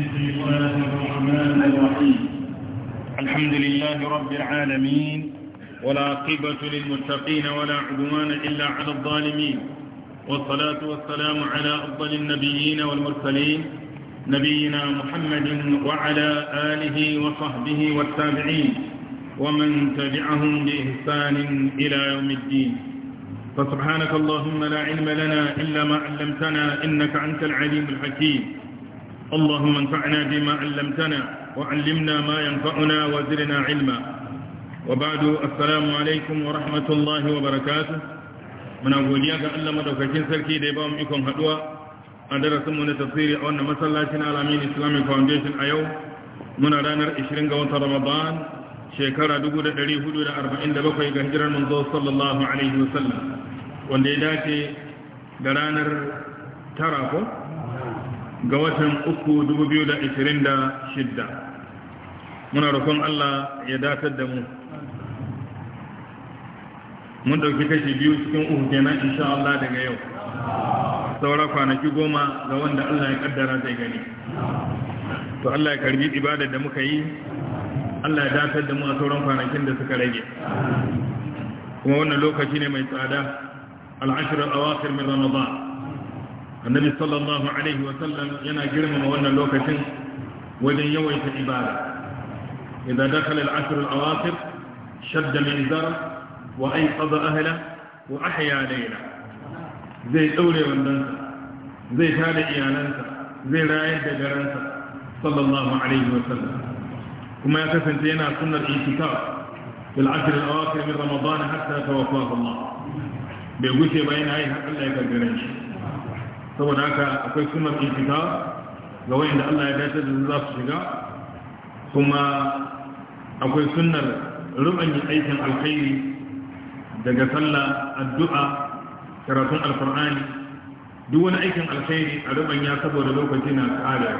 بسم الله الرحمن الرحيم الحمد لله رب العالمين ولا عقبة للمتقين ولا عدوان إلا على الظالمين والصلاة والسلام على أفضل النبيين والمرسلين نبينا محمد وعلى آله وصحبه والتابعين ومن تبعهم بإحسان إلى يوم الدين فسبحانك اللهم لا علم لنا إلا ما علمتنا إنك أنت العليم الحكيم اللهم انفعنا بما علمتنا وعلمنا ما ينفعنا وزرنا علما وبعد السلام عليكم ورحمة الله وبركاته من أولياك ألا مدوكاكين سركي ديبام إكم هدوى أدرس من تفسير أولنا مسلاتنا على مين إسلامي فاونديشن أيو من رانر إشرين قوة رمضان شكرا دقودة دري حدود أربعين دبقى يقهجر المنظور صلى الله عليه وسلم wanda ya dace da ranar tara ko ga watan uku dubu biyu da ashirin da shidda muna roƙon Allah ya datar da mu mun ɗauki kashi biyu cikin uku kenan insha Allah daga yau saura kwanaki goma ga wanda Allah ya kaddara zai gani to Allah ya karbi ibadar da muka yi Allah ya datar da mu a sauran kwanakin da suka rage kuma wannan lokaci ne mai tsada al'ashirar awakir min ramadan annabi sallallahu alaihi wasallam yana girmama wannan lokacin wajen yawaita ibada إذا دخل العشر الأواخر شد من زر وأيقظ أهله وأحيا ليلة زي أولي وندنسى زي يا إياننسى زي رايد دجرنسى صلى الله عليه وسلم كما يكفن فينا سنة الإنتكار في العشر الأواخر من رمضان حتى توفاه الله بيقول بين أي حق الله يكفرنش saboda haka akwai sunan ifita ga wayanda Allah ya dace da za su shiga kuma akwai sunnar rubanya aikin alkhairi daga sallah addu'a karatun alkur'ani duk wani aikin alkhairi a rubanya saboda lokaci na tsada.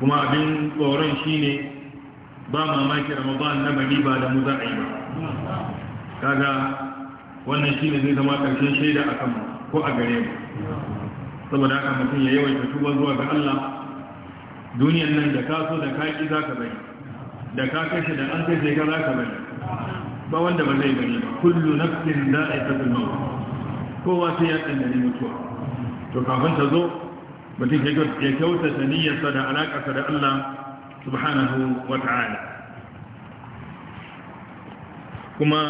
kuma abin tsoron shine ba mamaki ramadan na bari ba da mu za a yi ba kaga wannan shine zai zama karshen shaida a mu ko a gare mu saboda haka mutum ya yawaita tuba zuwa ga Allah duniyan nan da ka so da ka ki za ka bari da ka kashe da an kashe ka za ka bari ba wanda ba zai bari ba kullu nafsin za'iqatul maut kowa sai ya ne mutuwa to kafin ta zo mutum ya kyautata niyyarsa da alaƙarsa da Allah subhanahu wa ta'ala kuma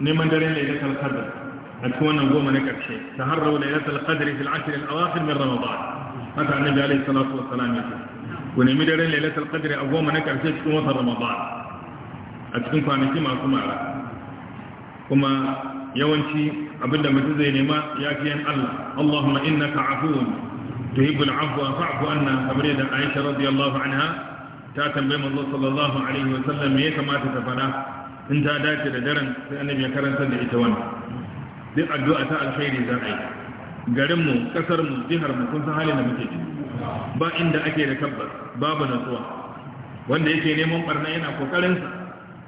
neman dare ne da kalkar أتكون نقوم نكبشي تهروا ليلة القدر في العشر الأواخر من رمضان حتى النبي عليه الصلاة والسلام يقول ونمي ليلة القدر أقوم نكبشي تكون وصل رمضان أتكون فانكي ما أقوم على كما yawanci abinda mutum zai nema ya fi yan Allah Allahumma innaka afuwun tuhibbul afwa fa'fu anna kamar yadda Aisha radiyallahu anha ta tambaye manzo sallallahu alaihi wa sallam me ya kamata ta fada in ta dace da daren sai ya karanta da ita duk addu'a ta alkhairi zan kasar garinmu ƙasarmu jiharmu kun san halin da muke ciki ba inda ake da tabbas babu natsuwa wanda yake neman barna yana sa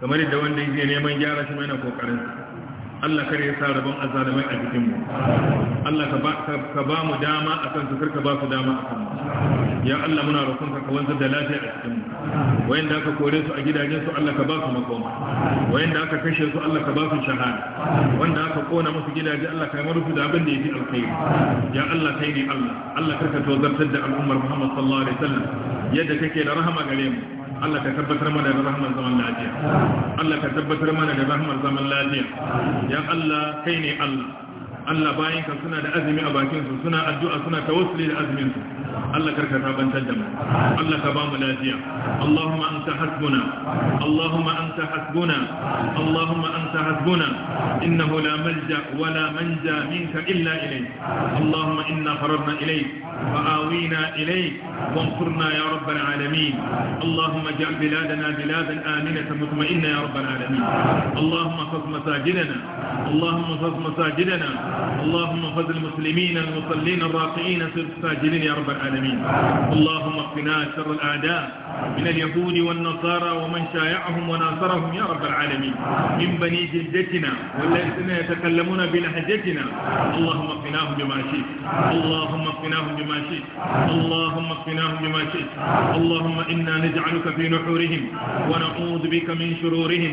kamar yadda wanda yake neman gyara shi yana kokarinsa Allah kar ya sa rabon azalimai a jikinmu. Allah ka ba mu dama a akan su ka ba su dama a mu ya Allah muna roƙon ka wanzar da lafiya a cikin wayanda aka kore su a gidajen su Allah ka ba su makoma wayanda aka kashe su Allah ka ba su shahada wanda aka kona musu gidaje Allah ka marufu da abin da yake alkhairi ya Allah kai ne Allah Allah karka tozartar da al'ummar Muhammad sallallahu alaihi wasallam yadda kake da rahama gare mu Allah ka tabbatar mana da zaman lafiya Allah ka tabbatar mana da rahmar zaman lafiya ya Allah kai ne Allah Allah bayan suna da azumi a bakinsu, suna addu'a suna tawassuli da azumin Allah karka sabantar da mu Allah ka ba mu lafiya Allahumma ta hasbuna Allahumma ta hasbuna Allahumma ta hasbuna innahu la malja wala la manja minka illa ilayk Allahumma inna fararna ilayk wa awina ilayk وانصرنا يا رب العالمين اللهم اجعل بلادنا بلادا آمنة مطمئنة يا رب العالمين اللهم خص مساجدنا اللهم خص مساجدنا اللهم خذ المسلمين المصلين الراقيين في الساجدين يا رب العالمين اللهم اقنا شر الأعداء من اليهود والنصارى ومن شايعهم وناصرهم يا رب العالمين من بني جلدتنا والذين يتكلمون بلهجتنا اللهم اقناهم بما شئت اللهم اقناهم بما شئت اللهم اقناهم بما شئت اللهم إنا نجعلك في نحورهم ونعوذ بك من شرورهم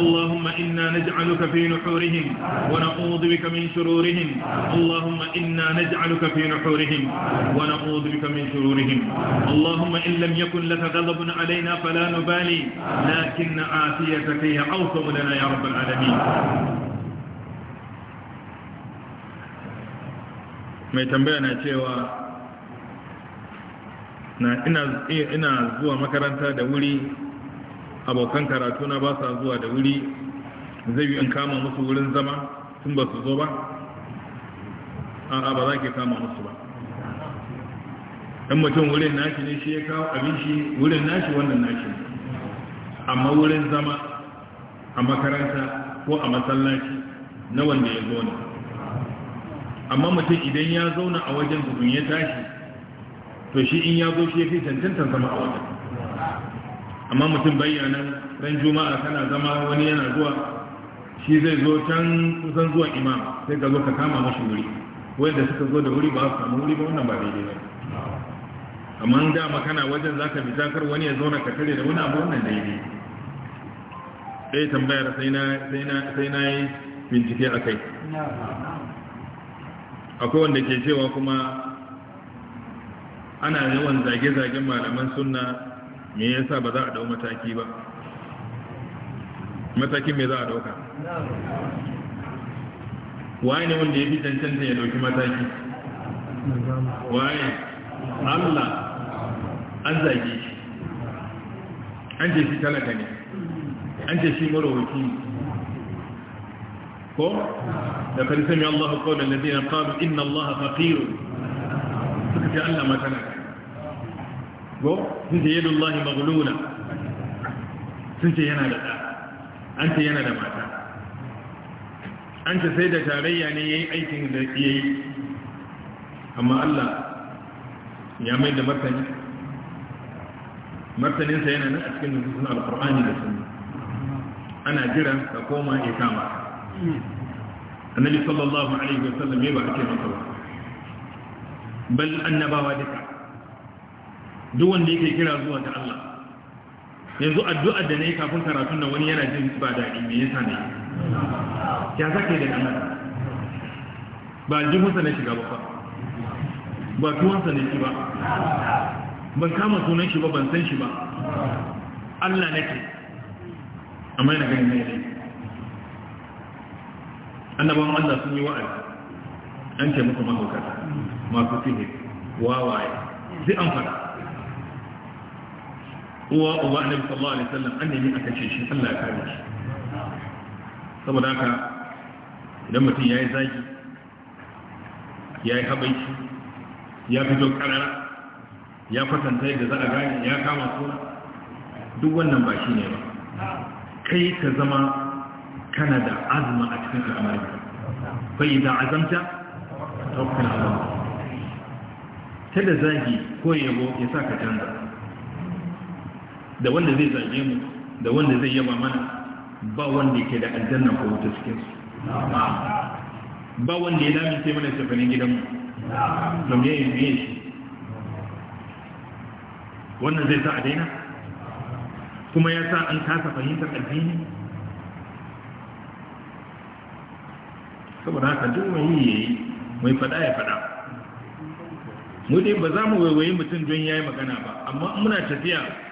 اللهم إنا نجعلك في نحورهم ونعوذ بك من شرورهم شرورهم اللهم إنا نجعلك في نحورهم ونعوذ بك من شرورهم اللهم إن لم يكن لك غضب علينا فلا نبالي لكن هي لنا يا رب العالمين mai tambaya na cewa na ina zuwa makaranta da wuri abokan karatu na ba sa zuwa da wuri zai yi in kama musu wurin zama sun ba su zo ba a'a ba za ki kama musu ba dan mutum wurin nashi ne shi ya kawo abin shi wurin nashi wannan nashi amma wurin zama a makaranta ko a masallaci na wanda ya zauna amma mutum idan ya zauna a wajen gudun ya tashi to shi in ya zo shi ya fi cancantar zama a wajen amma mutum bayyanan ran juma'a kana zama wani yana zuwa shi zai zo can kusan zuwa imam sai ka zo ka kama mashi wuri wanda suka zo da wuri ba su samu wuri ba wannan ba daidai ba amma da kana wajen za ka fita wani ya zauna ka tare da wani abu wannan daidai ɗaya eh, tambayar sai na yi bincike a kai akwai wanda ke cewa kuma ana yawan zage-zagen malaman sunna me yasa ba za a dau mataki ba matakin me za a dauka Wani wanda ya fi cancanta ya dauki mataki waye Allah an zage shi an ce shi talaka ne an ce shi marawaki ko da kar sami Allah qawlan ladina qalu inna Allah faqir suka ce Allah ma talaka ko sun ce yadullahi maghluna sun ce yana da ɗa, an ce yana da mata an ce sai da tarayya ne ya yi aikin da ya yi amma Allah ya mai da martani martaninsa yana nan a cikin nufisun alkur'ani da sunni ana jiran ka koma ya kama annabi sallallahu alaihi wasallam ya ba ake masa ba bal annabawa duka duk wanda yake kira zuwa ta Allah yanzu addu'ar da na yi kafin karatun nan wani yana jin ba daɗi me yasa ne ya zaka da nan ba aljihunsa na shiga ba ba tuwansa na shi ba ban kama sunan shi ba ban san shi ba Allah nake amma yana ganin ne annabawan Allah sun yi wa'azi an ce musu mahaukata masu fiye, wawaye sai an fara uwa uba annabi sallallahu alaihi wasallam an nemi aka ce shi Allah ya kare shi saboda haka idan mutum ya yi zagi ya yi habaici ya fito ƙarara ya kwatanta yadda za a gane ya kama suna duk wannan ba shi ne ba kai ka zama kana da azuma a cikin amurka bai da azamta ta da zagi ko yabo ya sa ka canza da wanda zai zage mu da wanda zai yaba mana ba wanda ke da aljanna ko wuta cikin su ba wanda ya damin sai mana tafanin gidanmu don ya yi shi wannan zai sa a daina kuma ya sa an kasa fahimtar addini saboda haka duk mai yi ya yi mai fada ya fada mu dai ba za mu waiwayi mutum don ya yi magana ba amma muna tafiya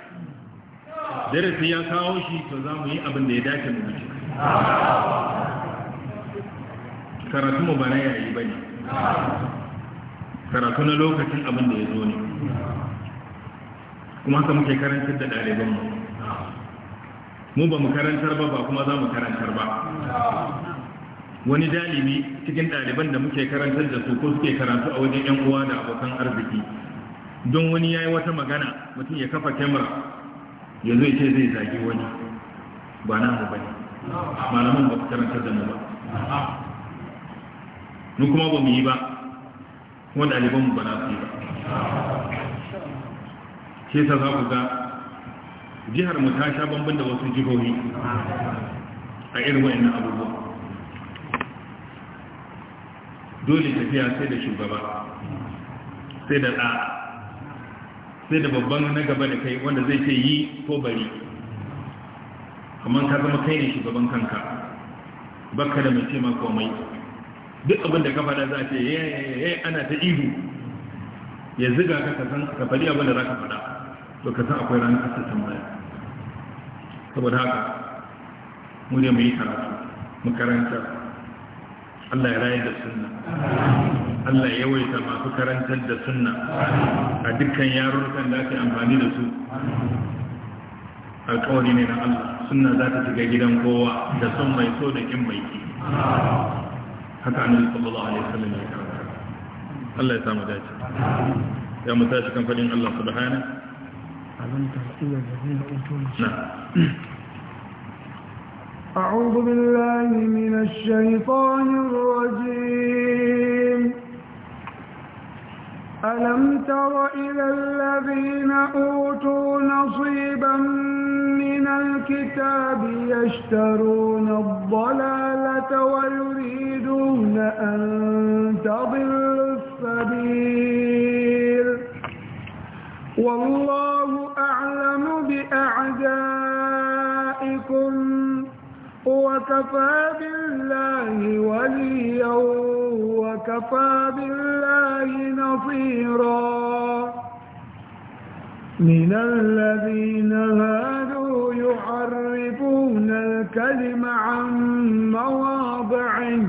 darasi ya kawo shi to za mu yi abin da ya dace mu biki karatu mu ba na yayi bane karatu na lokacin abin da ya zo ne kuma haka muke karantar da ɗaliban mu mu ba mu karantar ba ba kuma za mu karantar ba wani dalibi cikin ɗaliban da muke karantar da su ko suke karatu a wajen 'yan uwa da abokan arziki don wani ya yi wata magana mutum ya kafa kyamara yanzu ya ce zai zagi wani ba na mu bane malaman ba karanta da mu ba mu kuma ba mu yi ba kuma ɗaliban mu ba na su yi ba Ke sa za ku ga jihar mu ta sha bambam da wasu jihohi a irin na abubuwa dole tafiya sai da shugaba sai da ɗa'a sai da babban na gaba da kai wanda zai ce yi ko bari kamar ka zama kai ne shugaban kanka baka da mai ce ma komai duk abin da ka fada za a ce yi ana ta ihu ya ziga ka ka san ka fadi abin da za ka fada to ka san akwai ranar ta tambaya saboda haka mu ne mu karatu mu Allah ya rayar da sunna Allah ya yawaita masu karantar da sunna a dukkan yarurrukan da ake amfani da su alkawari ne na Allah sunna za ta shiga gidan kowa da sun mai so da kin mai ki haka annabi sallallahu alaihi wasallam ya karanta Allah ya samu dace ya mu tashi kan fadin Allah subhanahu alam ta'ila ladina utul أعوذ بالله من الشيطان الرجيم ألم تر إلى الذين أوتوا نصيبا من الكتاب يشترون الضلالة ويريدون أن تضلوا السبيل والله أعلم بأعدائكم وكفى بالله وليا وكفى بالله نصيرا من الذين هادوا يحرفون الكلم عن مواضعه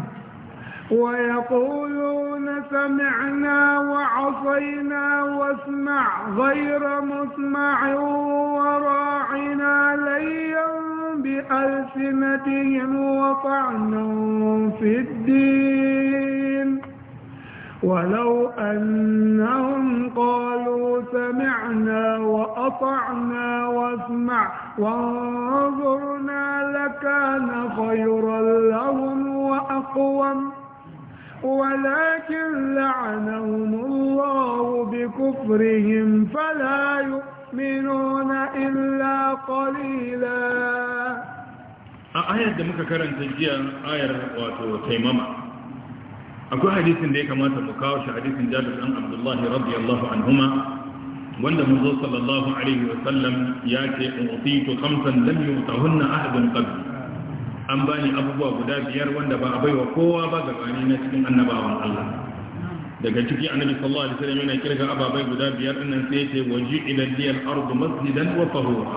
ويقولون سمعنا وعصينا واسمع غير مسمع وراعنا ليا بألسنتهم وطعنا في الدين ولو أنهم قالوا سمعنا وأطعنا واسمع وانظرنا لكان خيرا لهم وأقوم ولكن لعنهم الله بكفرهم فلا يؤمنون يؤمنون إلا قليلا آية دمك كرن تجيا آية واتو تيمما أكو حديث ديك ما تبقاوش حديث جابر عن عبد الله رضي الله عنهما wanda manzo sallallahu alaihi wa sallam ya ce utitu khamsan lam yutahunna ahadun qabl an bani abubuwa guda biyar wanda ba a baiwa kowa ba gabani na cikin annabawan Allah daga ciki annabi sallallahu alaihi wasallam yana kirga ababai guda biyar nan sai yace waji'ila liyal ardu masjidan wa tahura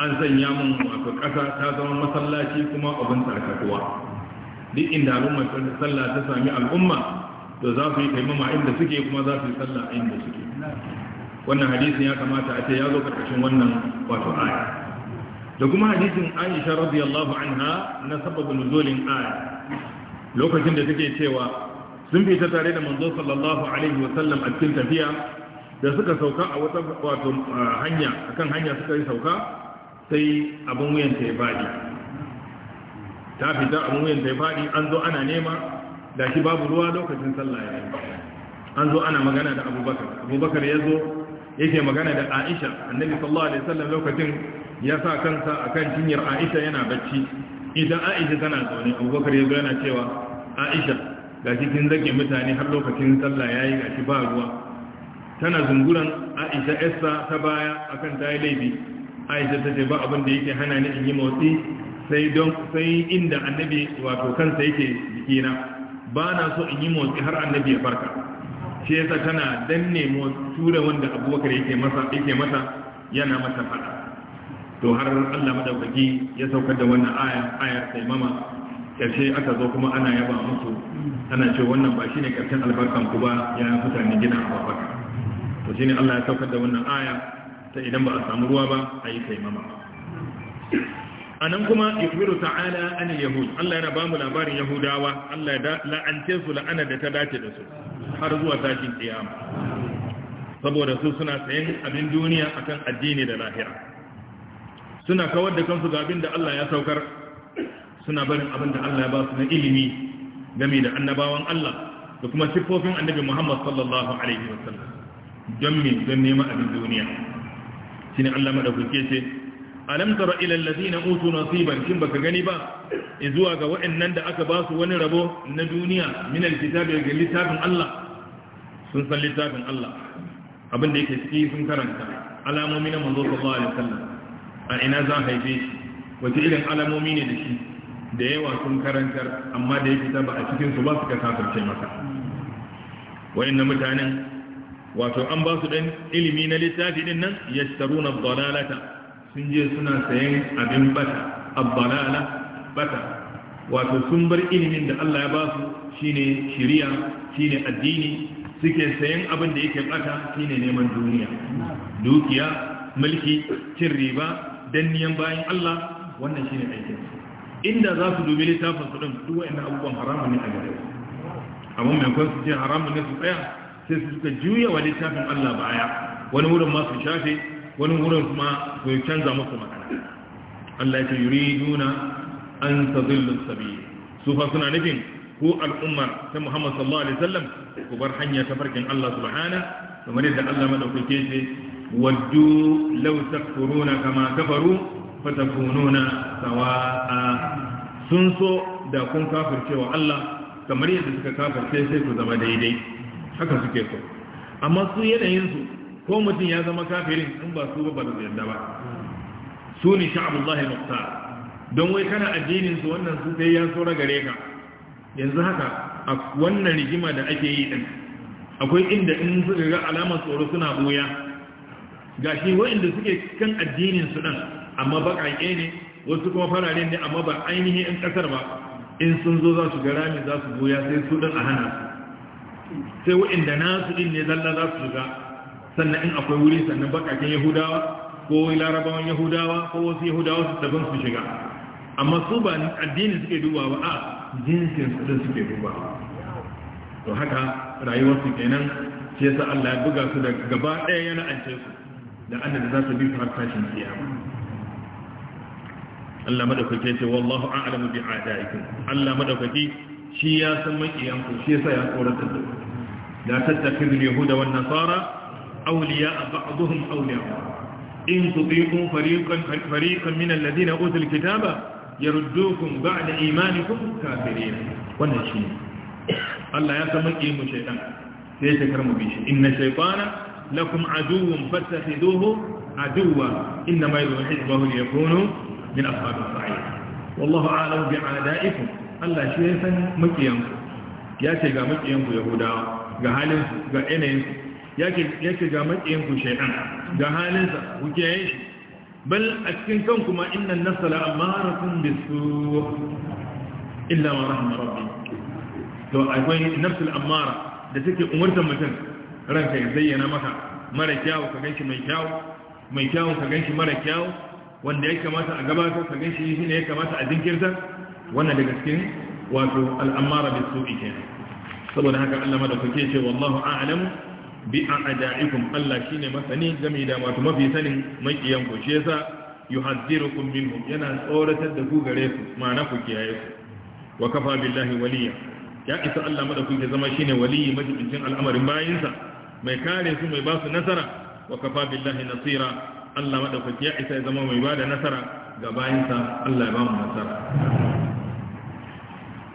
an sanya mun wato kasa ta zama masallaci kuma abin tarkatuwa duk inda al'umma sallah ta sami al'umma to za su yi taimama inda suke kuma za su yi sallah inda suke wannan hadisin ya kamata a ce ya zo karkashin wannan wato aya da kuma hadisin Aisha radiyallahu anha na sababin nuzulin aya lokacin da take cewa sun fita tare da manzo sallallahu alaihi wa sallam a cikin tafiya da suka sauka a wata wato hanya akan hanya suka yi sauka sai abin wuyan ta ya fadi ta fita abin wuyan ta ya fadi an zo ana nema da shi babu ruwa lokacin sallah ya an zo ana magana da abubakar abubakar ya zo yake magana da aisha annabi sallallahu alaihi wasallam lokacin ya sa kansa akan jinyar aisha yana bacci idan aisha tana zaune abubakar ya zo yana cewa aisha ga cikin zage mutane har lokacin sallah ya yayi gashi ba ruwa tana zunguran Aisha Essa ta baya akan ta yi laifi Aisha ta ce ba abin da yake hana ni in yi motsi sai don sai inda annabi wato kansa yake jikina ba na so in yi motsi har annabi ya farka shi yasa tana danne tura wanda abubakar yake masa yake mata yana mata fada to har Allah madaukaki ya saukar da wannan aya ayar mama. ƙarshe aka zo kuma ana yaba musu ana ce wannan ba shine ƙarshen albarkan ku ba ya mutane gina abubakar to ne Allah ya saukar da wannan aya ta idan ba a samu ruwa ba a yi taimama nan kuma ikbiru ta'ala an yahud Allah yana bamu labarin yahudawa Allah ya la'ance su la'anar da ta dace da su har zuwa tashin kiyama saboda su suna sayan abin duniya akan addini da lahira suna kawar da kansu ga abin da Allah ya saukar suna barin abin da Allah ya ba su na ilimi game da annabawan Allah da kuma siffofin annabi Muhammad sallallahu alaihi wasallam don me don neman abin duniya shine Allah madaukake ce alam tara ila na utu nasiban kin baka gani ba In zuwa ga waɗannan da aka ba su wani rabo na duniya min alkitabi ga littafin Allah sun san littafin Allah abin da yake ciki sun karanta alamomi na manzo sallallahu alaihi wasallam a ina za haife shi wace irin alamomi ne da shi da yawa sun karantar amma da ya fita ba a cikin su ba su ka kafirce masa wayannan mutanen wato an ba su dan ilimi na littafi din nan yashtaruna dalalata sun je suna sayan abin bata abdalala bata wato sun bar ilimin da Allah ya ba su shine shari'a shine addini suke sayan abin da yake bata shine neman duniya dukiya mulki cin riba danniyan bayan Allah wannan shine aikin su inda za su dubi littafin su ɗin duk wa'in abubuwan haramun ne a gare amma mai kwan su ce haramun ne su tsaya sai su suka juya wa littafin Allah baya wani wurin ma su shafe wani wurin kuma su canza musu magana Allah ya ce yuriduna an tadillu sabi su fa suna nufin ko al'ummar ta Muhammad sallallahu alaihi wasallam ku bar hanya ta farkin Allah subhana kamar yadda Allah madaukake ce waddu law takfuruna kama kafaru fatakununa sawa'a sun so da kun kafircewa Allah kamar yadda suka kafirce sai ku zama daidai haka suke so amma su yanayin su ko mutum ya zama kafirin in ba su ba ba su yadda ba su ne sha'abullahi mukta don wai kana addinin su wannan su sai ya so gare ka yanzu haka a wannan rigima da ake yi din akwai inda in suka ga alamar tsoro suna buya shi wa'inda suke kan addinin su din amma baƙaƙe ne wasu kuma farare ne amma ba ainihin ɗan ƙasar ba in sun zo za su ga rami za su goya sai su ɗan a hana su sai waɗanda nasu ɗin ne zalla za su shiga sannan in akwai wuri sannan baƙaƙen yahudawa ko larabawan yahudawa ko wasu yahudawa su daban su shiga amma su ba addini suke dubawa a jinsin su ɗin suke dubawa to haka rayuwarsu kenan shi yasa Allah ya buga su da gaba ɗaya yana ance su da annabi za su bi su har tashin kiyama Allah madaukake ce wallahu a'lamu bi a'daikum Allah madaukake shi ya san makiyan ku shi yasa ya tsoratar da la tattakhidul yahuda wan nasara awliya ba'dhum awliya in tuti'u fariqan fariqan min alladhina utul kitaba yaruddukum ba'da imanikum kafirin wannan shi Allah ya san makiyan mu shaytan sai ya shekar mu bi shi inna shaytana lakum aduwwun fattakhiduhu aduwwa inma yuhibbu an yakunu min ashabin sa'id wallahu a'lam bi a'da'ikum Allah shi ya san makiyanku ya ce ga makiyanku yahudawa ga halin ga yanayin ya ce ga makiyanku shaytan ga halin sa kuke yi shi a cikin kanku ma innan nasa la'amaratun bisu illa ma rahama rabbi to akwai nafsul amara da take umurtar mutum ranka ya zayyana maka mara ka ganshi mai kyau ka ganshi mara kyau. wanda ya kamata a gabatar ka ganshi shi ne ya kamata a jinkirta wannan daga cikin wato al'amara da su ike saboda haka Allah mada kuke ce wallahu a'lam bi a'da'ikum Allah ne masani game da wato mafi sanin makiyan ku shi yasa yuhadhirukum minhum yana tsoratar da ku gare su ma'ana ku kiyaye su wa kafa billahi waliya ya isa Allah mada kuke zama shine waliyi majibincin al'amarin bayinsa mai kare su mai ba su nasara wa kafa billahi nasira Allah madaukaki ya isa ya zama mai ba da nasara ga bayansa Allah ya ba mu nasara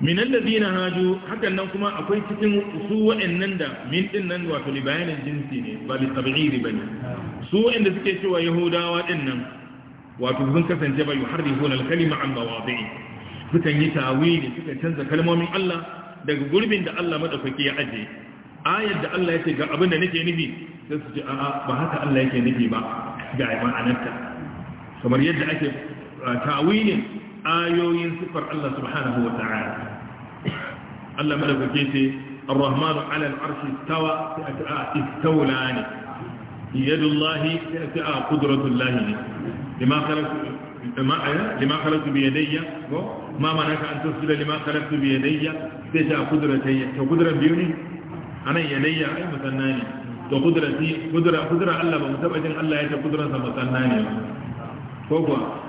min alladhina haju hakan nan kuma akwai cikin su wa'annan da min din nan wato li jinsi ne ba li tab'iri bane su da suke cewa yahudawa din nan wato sun kasance ba yuharrifuna al-kalima an mawadi'i sukan yi tawili sukan canza kalmomin Allah daga gurbin da Allah madaukaki ya aje ayar da Allah yake ga abin da nake nufi sai su ce a'a ba haka Allah yake nufi ba ga ma'anarta kamar yadda ake tawilin ayoyin sifar Allah subhanahu wa ta'ala Allah madaukake ce الرحمن على العرش استوى استولان يد الله قدرة الله لما خلق لما خلقت بيدي ما منعك أن تسجد لما خلقت بيدي تجاء قدرتي قدرة بيوني anan yanayya ai musanna ne da kudrati kudra kudura Allah ba mu taba jin Allah ya ce kudransa musanna ne ko kuwa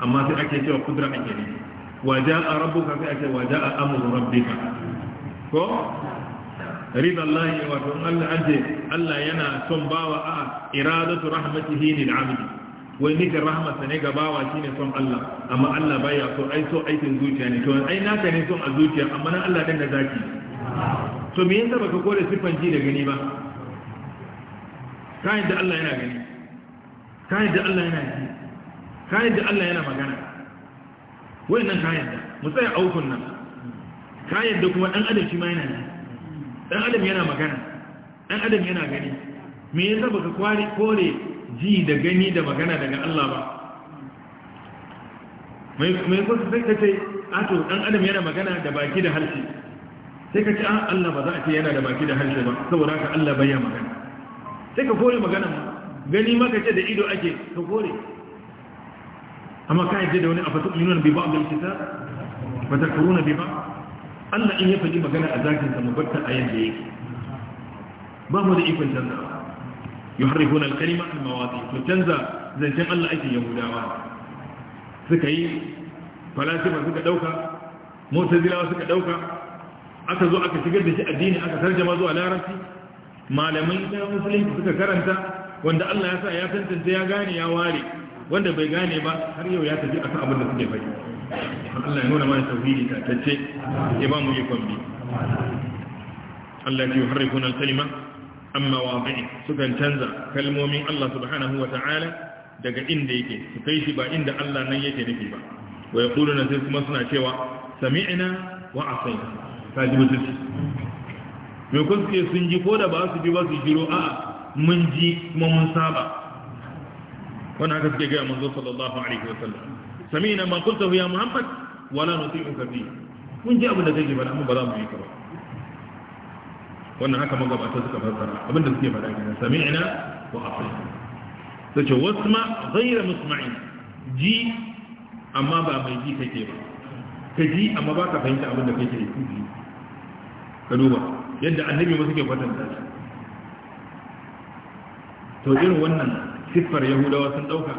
amma sai ake cewa kudura ake ne wa ja'a rabbuka sai ake wa ja'a amru rabbika ko rida Allah wa to Allah aje Allah yana son bawa a iradatu rahmatihi lil 'abdi wai nufin rahmasa ne gabawa shi ne son Allah amma Allah baya so ai so aikin zuciya ne to ai naka ne son a zuciya amma na Allah din da zaki to me yasa baka kore siffan ji da gani ba kayan da Allah yana gani kayan da Allah yana ji kayan da Allah yana magana wayannan nan da mu tsaya aukun nan kayan da kuma dan adam shi ma yana ji dan adam yana magana dan adam yana gani me yasa baka kware kore ji da gani da magana daga Allah ba mai kusa sai ka ce ato dan adam yana magana da baki da harshe sai ka ce an ah, Allah ba za a ce yana da baki da harshe ba saboda ka Allah bai magana sai ka kore magana gani maka ce da ido ake ka kore amma ka yadda da wani a fatu'minun bi ba'd al ba ta kuruna bi ba? Allah in ya faɗi magana a zakin sa mubatta a yadda yake ba mu da ikon canza yuharrifuna al-kalima an mawaƙi, to canza zancen Allah ake yahudawa suka yi falasifa suka dauka mutazilawa suka ɗauka? aka zo aka shigar da shi addini aka tarjama zuwa larabci malamai ta musulunci suka karanta wanda Allah ya sa ya tantance ya gane ya ware wanda bai gane ba har yau ya tafi akan abin da suke faɗi Allah ya nuna mana tauhidi ta tace ya ba mu yi kwambi Allah ya yuharrifuna al-kalima amma waqi'i sukan canza kalmomin Allah subhanahu Wata'ala daga inda yake su kai shi ba inda Allah nan yake nufi ba wa yaquluna sai kuma suna cewa sami'na wa asaina ka ji mutunci me kun ce sun ji ko da ba su ji ba su jiro a'a mun ji kuma mun saba wannan haka suke gaya manzo sallallahu alaihi wasallam sami'na ma qultahu tafiya muhammad wala nuti'uka fi mun ji abin da zai kake faɗa amma ba za mu yi ka ba wannan haka magabata suka fassara da suke faɗa kenan sami'na wa ata'na sace wasma ghayra musma'in ji amma ba mai ji kake ba ka ji amma ba ka fahimta abin da kake yi ka duba yadda annabi ba suke kwatanta shi to irin wannan siffar yahudawa sun dauka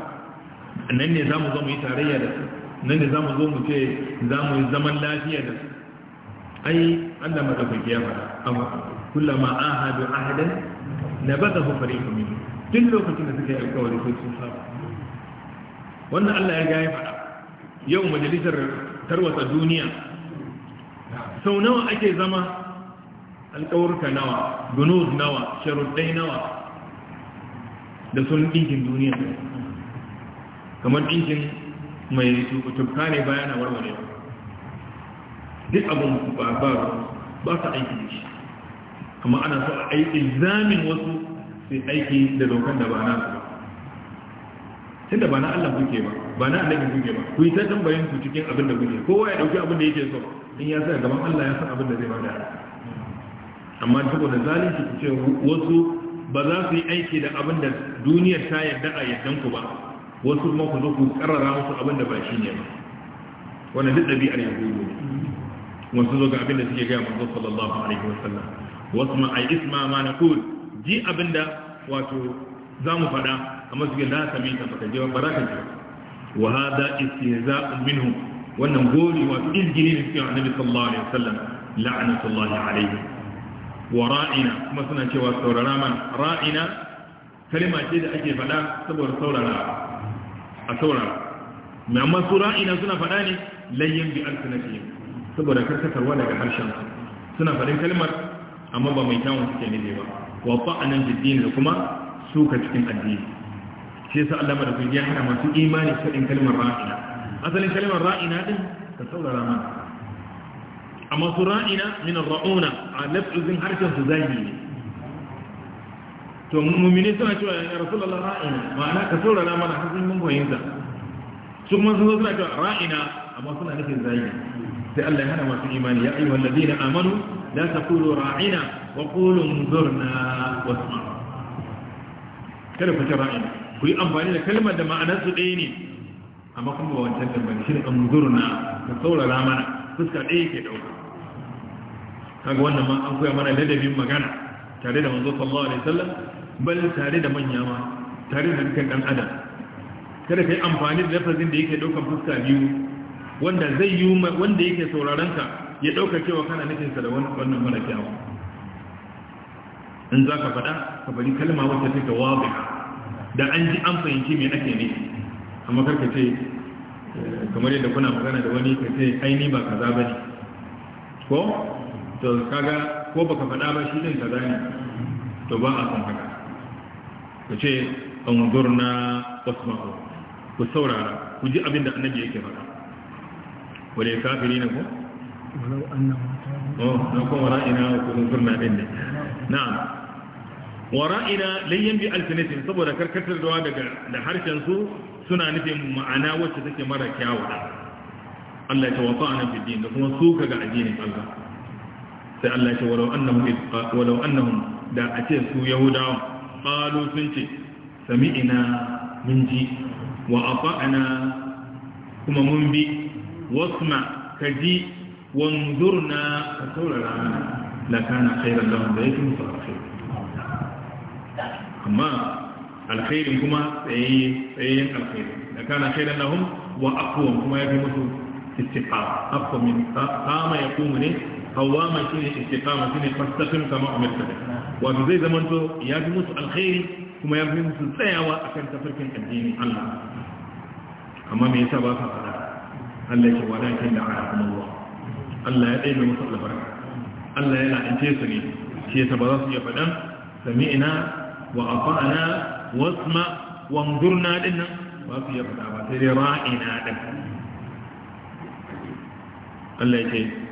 nan ne zamu zo mu yi tarayya da su nan ne zamu zo mu ce zamu yi zaman lafiya da su ai Allah madaukaki ya fara amma kullama ahadu ahadan nabadahu fariqun min duk lokacin da suka yi alƙawari sai sun saba wannan Allah ya ga ya fara yau majalisar tarwata duniya sau nawa ake zama alƙawarka nawa gunuz nawa sharuɗai nawa da sun ɗinkin duniya kamar ɗinkin mai tuka-tuka ne bayan a warware duk abin ba ba ba ta aiki da shi amma ana so a aiki zamin wasu sai aiki da dokan da ba na su ba sai da ba na Allah kuke ba ba na annabi kuke ba ku yi ta tambayin ku cikin abin da kuke kowa ya ɗauki abin da yake so in ya sa gaban Allah ya san abin da zai ba da amma saboda zalunci ku ce wasu ba za su yi aiki da abin da duniyar ta yarda a yardan ku ba wasu kuma ku zo ku karrara musu abin da ba shi ne ba wannan duk ɗabi'ar yahudu ne wasu zo ga abin da suke gaya manzo sallallahu alaihi wasallam wasu ma ai isma ma na kul ji abin da wato za mu faɗa amma suke da sami ta baka je ba za ka ji wa hada istihza'un minhum wannan gori wato izgini ne suke annabi sallallahu alaihi wasallam la'natullahi alaihi wa ra'ina kuma suna cewa saurara mana ra'ina kalma ce da ake faɗa saboda saurara a saurara mai amma su ra'ina suna faɗa ne layyan bi alfinatiyar saboda karkatarwa daga harshen suna faɗin kalmar amma ba mai kyawun suke ne ba wa fa'anan jiddin da kuma suka cikin addini shi yasa Allah madafin ya hana masu imani faɗin kalmar ra'ina asalin kalmar ra'ina din ka saurara mana amma ra'ina min rauna a lafzin harshen su zagi ne to mummini suna cewa ya rasulullah ra'ina ma'ana ka saurara mana har mun fahimta su kuma sun zo suna cewa ra'ina amma suna nufin zagi sai Allah ya hana masu imani ya ayyuhal ladina amanu la taqulu ra'ina wa qulu unzurna wasma kada ku ce ra'ina ku yi amfani da kalmar da ma'anar su ɗaya ne amma kuma ba wancan da bane shi ne unzurna ka saurara mana fuska ɗaya ke ɗauka kaga wannan an koya mana ladabin magana tare da manzo sallallahu alaihi wasallam bal tare da manya ma tare da dukkan dan adam kada kai amfani da lafazin da yake daukan fuska biyu wanda zai yi wanda yake sauraron ka ya dauka cewa kana nufin sa da wannan malakiyawa in zaka faɗa ka bari kalma wacce take wabi da an ji an fahimci me ake ne amma karka ce eh, kamar yadda kuna magana da wani ka ce aini ba kaza bane ko to kaga ko baka faɗa ba shi din kaza ne to ba a san haka ku ce an zurna wasma'u ku saurara ku ji abin da annabi yake faɗa wale kafiri ne ko walau oh, na kuma wara'ina ku zurna din ne na'am wara'ina layyan bi alfinatin saboda karkatarwa daga da harshen su suna nufin ma'ana wacce take mara kyawu Allah ya tawafa a nan da kuma su kaga addinin Allah sai Allah ya ce walau annahum da a ce su yahudawa qalu sun ce sami'ina mun ji wa ata'na kuma mun bi wasma ka ji wanzurna ka saurara mana la kana khairan lahum da yake musu alkhairi amma alkhairin kuma tsayayye tsayayyen alkhairi la kana khairan lahum wa aqwam kuma yake musu istiqam aqwa min qama yaqumu ne qawama shine istiqama shine fastaqim kama umirta wato zai zamanto ya bi musu alkhairi kuma ya bi musu tsayawa akan tafarkin addinin Allah amma me yasa ba ka fada Allah ya ce da da'akum Allah Allah ya daina musu albarka Allah ya la'ance su ne shi yasa ba za su iya fadan sami'na wa ata'na wasma wanzurna dinnan ba su iya fada ba sai dai ra'ina din Allah ya ce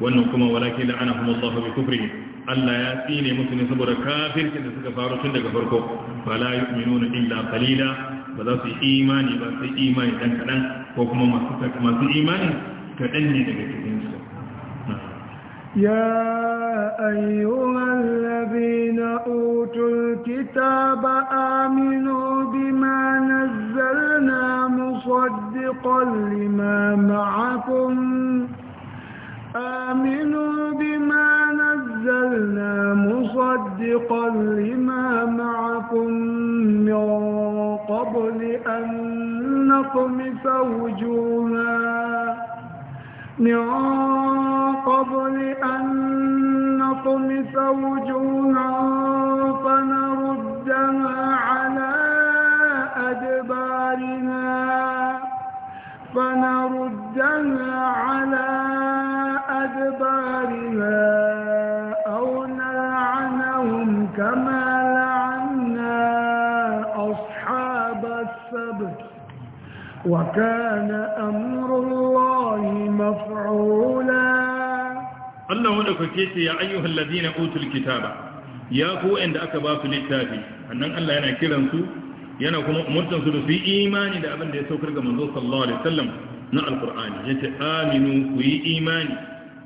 wannan kuma walakin la'anahum Allah bi kufrihim Allah ya tsine musu ne saboda kafircin da suka faru tun daga farko fala yu'minuna illa qalila ba za su yi imani ba sai imani dan kadan ko kuma masu masu imani kadan ne daga cikin su يا أيها الذين أوتوا الكتاب آمنوا بما نزلنا مصدقا لما معكم آمنوا بما نزلنا مصدقا لما معكم من قبل أن نطمس وجوها من قبل أن نطمس وجوها فنردها على أدبارنا فنردها على أدبارها أو نلعنهم كما لعنا أصحاب السبت وكان أمر الله مفعولا Allah maɗaukake ce ya ayyuhal ladina utul kitaba ya ku inda aka ba su littafi annan Allah yana kiran su yana kuma umurtan su da su yi imani da abin da ya saukar ga manzo sallallahu alaihi wasallam na alqur'ani yace aminu ku yi imani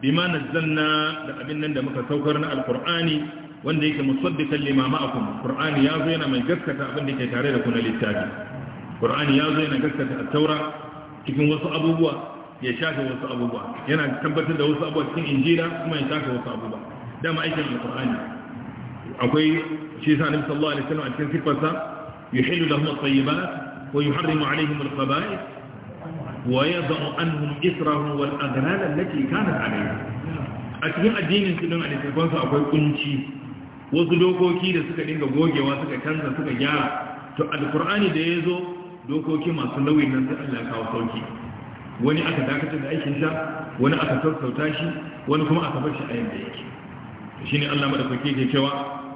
bima nazzalna da abin nan da muka saukar na alqur'ani wanda yake musaddiqan lima ma'akum qur'ani yazo yana mai gaskata abin da yake tare da ku na littafi qur'ani yazo yana gaskata at-taura cikin wasu abubuwa ya shafe wasu abubuwa yana tabbatar da wasu abubuwa cikin injila kuma ya shafe wasu abubuwa dama aikin alqur'ani akwai shi sa nabi sallallahu alaihi wasallam a cikin sifarsa yuhillu lahum at-tayyibat wa yuharrimu alaihim al-khaba'ith ويضع عنهم إسرهم والأغلال التي كانت عليها أتبين الدين سلم عليه السلام أقول كنشي وصلوكوكي لسكا لنغا بوجي وسكا كنسا سكا جارة تو القرآن ديزو دوكوكي ما سلوي ننسى الله كاو صوكي wani aka dakatar da aikin sa wani aka sassauta shi wani kuma aka bar shi a ya yake shine Allah madaukake ke cewa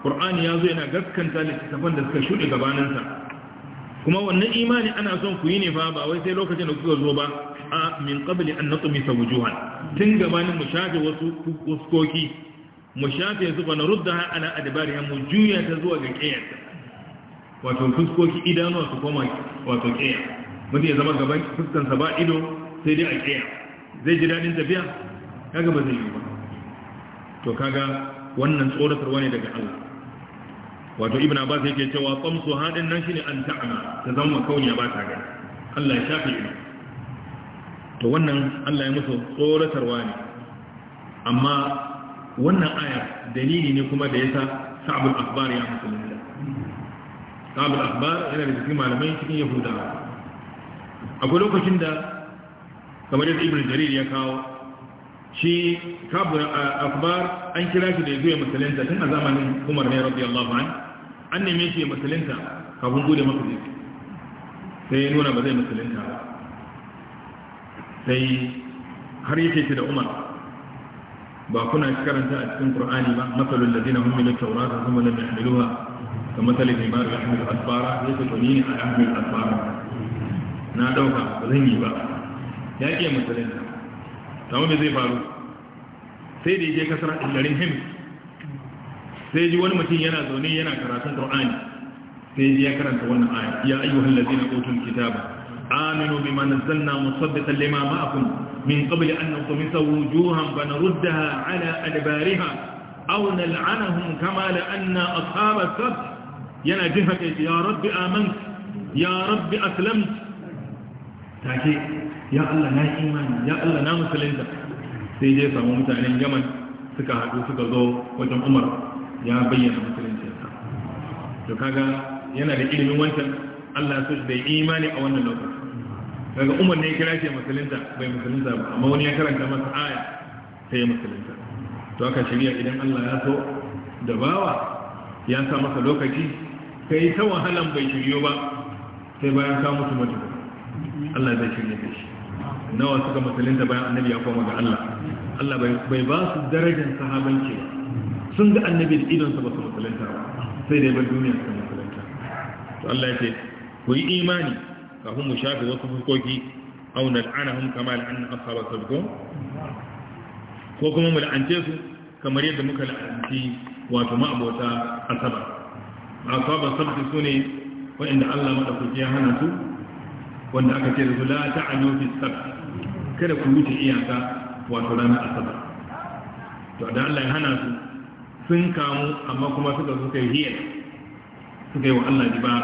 Qur'ani yazo yana gaskanta littafan da suka shuɗe gabaninsa kuma wannan imani ana son ku yi ne fa ba wai sai lokacin da kuka zo ba a min qabli an natmisa wujuhan tun gabanin mu shafe wasu kuskoki mu shafe su fa naruddaha ala adbariha mu juya ta zuwa ga kiyarta wato kuskoki idanuwa su koma wato kiyar mutum ya zama gaban sa, ba ido sai dai a kiyar zai ji dadin tafiya kaga ba zai yi ba to kaga wannan tsoratarwa ne daga Allah wato ibn abbas yake cewa qamsu hadin nan shine an ta'ama ta zama kauniya ba ta gani Allah ya shafe ido to wannan Allah ya musu tsoratarwa ne amma wannan aya dalili ne kuma da yasa sa'bul akhbar ya musulunta sa'bul akhbar yana da cikin malamai cikin yahudawa akwai lokacin da kamar yadda ibn jarir ya kawo shi kabur akbar an kira shi da ya zuwa musulunta tun a zamanin umar ne radiyallahu anhu an neme shi musulunta kafin gode maka ne sai ya nuna ba zai musulunta ba sai har yake da umar ba kuna karanta a cikin Kur'ani ba to ni ne a yahmilu asfara na ɗauka ba zan yi ba ya ke ta wani zai faru sai da ya kasar garin Hemis. sai ji wani mutum yana zaune yana karatun qur'ani sai ji ya karanta wannan aya ya ayyuhal ladina utul kitaba aminu bima nazzalna musaddiqan lima ma'akum min qabli an nuqmisa wujuhan fa naruddaha ala adbariha aw nal'anahum kama la'anna ashab as-sabt yana jin haka ya rabbi amantu ya rabbi aslamtu take ya Allah na imani ya Allah na musulunta sai je samu mutanen Yaman suka haɗu suka zo wajen Umar ya bayyana musulunci to kaga yana da ilimin wancan Allah su da imani a wannan lokaci daga umar ne ya kira shi musulunta bai musulunta ba amma wani ya karanta masa aya sai ya musulunta to aka shirya idan Allah ya so da bawa ya sa masa lokaci kai ta wahalan bai shiryo ba sai bayan ka mutu mutu Allah zai shirya da shi nawa suka musulunta bayan annabi ya koma ga Allah Allah bai ba su darajar sahabanci ba sun ga annabi da idonsa ba su musulunta ba sai dai bar duniya su musulunta to Allah ya ce ku yi imani ka kafin mu shafi wasu fuskoki au nal'anahum kama la'anna ashabu sabqum ko kuma mu la'ance su kamar yadda muka la'anci wato ma'abota asaba asaba sabti ne wanda Allah madaukaki ya hana su wanda aka ce su la ta'anu fi sabt kada ku wuce iyaka wato ranar asaba to da Allah ya hana su sun kamu amma kuma suka zo kai hiyar suka yi wa Allah ji ba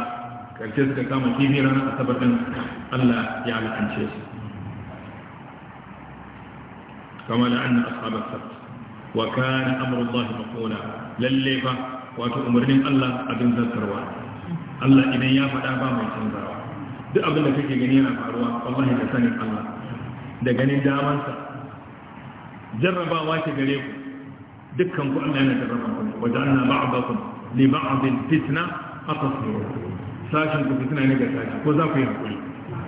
karshe suka kama kifi ranar asabar din Allah ya alƙance su kama da annan ashabar sabt wa kana amrullahi maqula lalle fa wato umarnin Allah abin zartarwa Allah idan ya faɗa ba mai canzawa duk abin da kake gani yana faruwa wallahi da sanin Allah da ganin damansa jarrabawa ke gare ku dukkan ku Allah yana karrama ku wajanna ba'dakum li ba'din fitna atasbiru sashin ku fitna ne ga sashi ko za ku yi hakuri